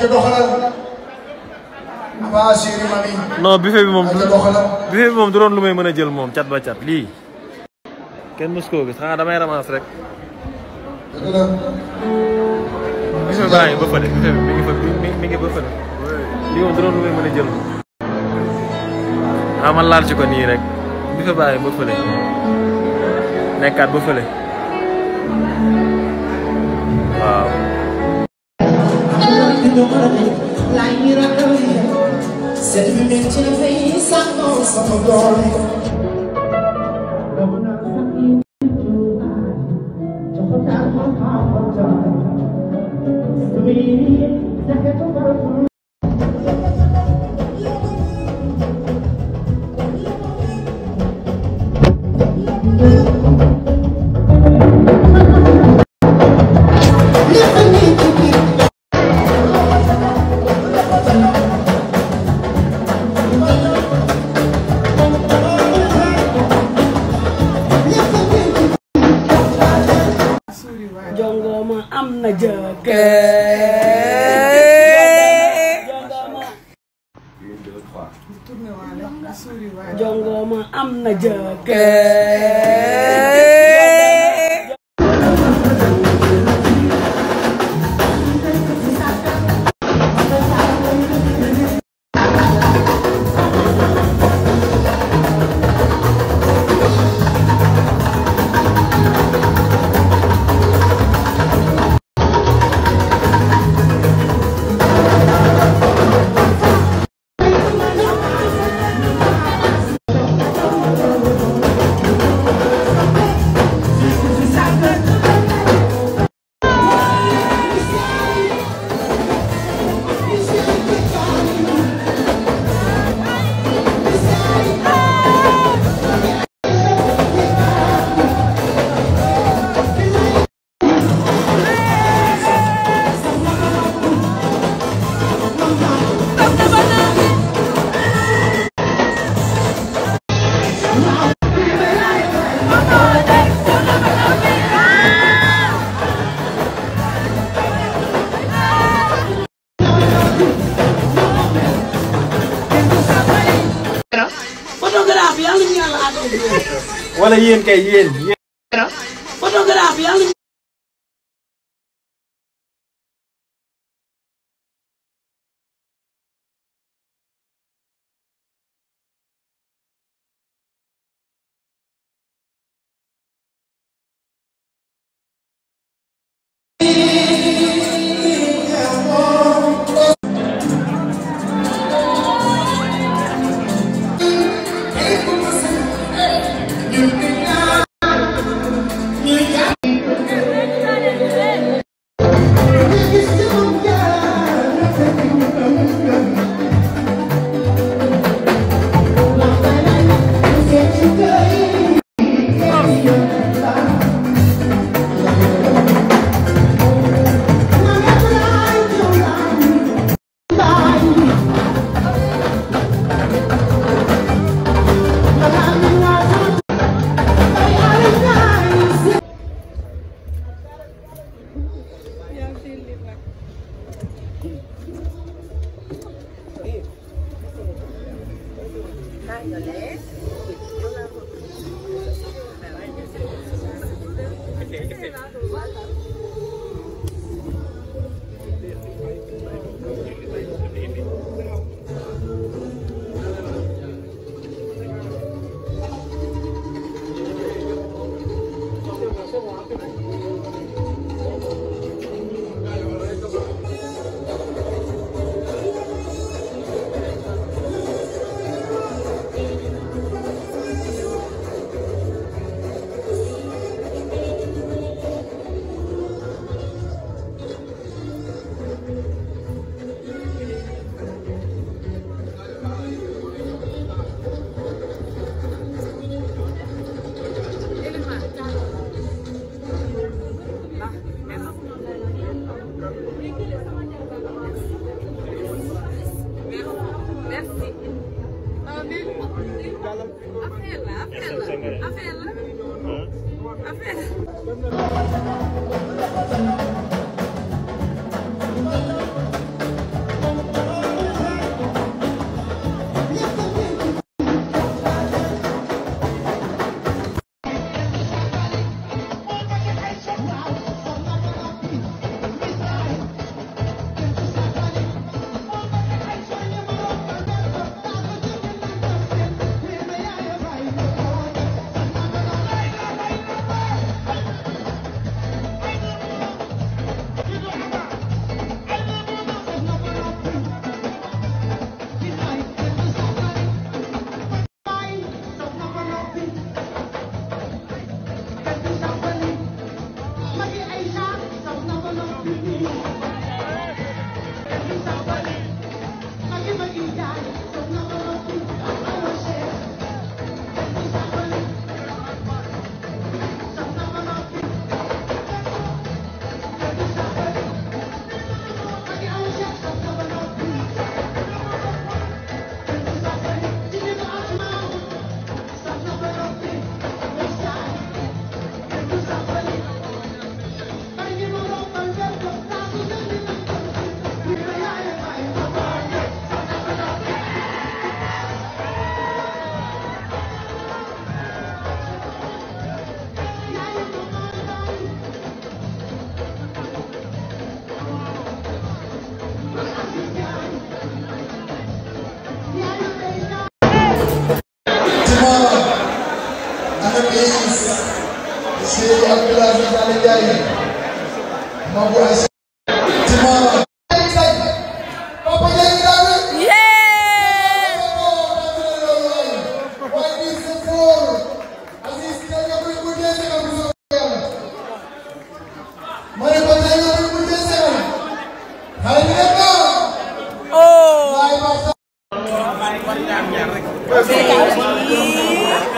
ca doxalal. Abba chéri mami. non buffet bi moom buffet bi mom du doon lumay meuna jël mom chat ba chat li ken musko koo gis xanaa damay ramas rek. dëgg bay buffet baa ngi ba fële buffet bi mi ngi fa mi ngi ba fële. li won du doon lumay meuna jël ramal ah laal ci ko ni rek. buffet baa ngi ba fële. nekkat ba fële. waaw. lay miracle set mi metti na fay sànno sama doole am na jëkkër 我的烟，给烟。嗯，对，那有嘞。真的。Seydi Abdoulaye Sane Ndiaye ma bu ay Timara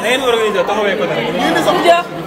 Jangan berhenti, jangan berhenti.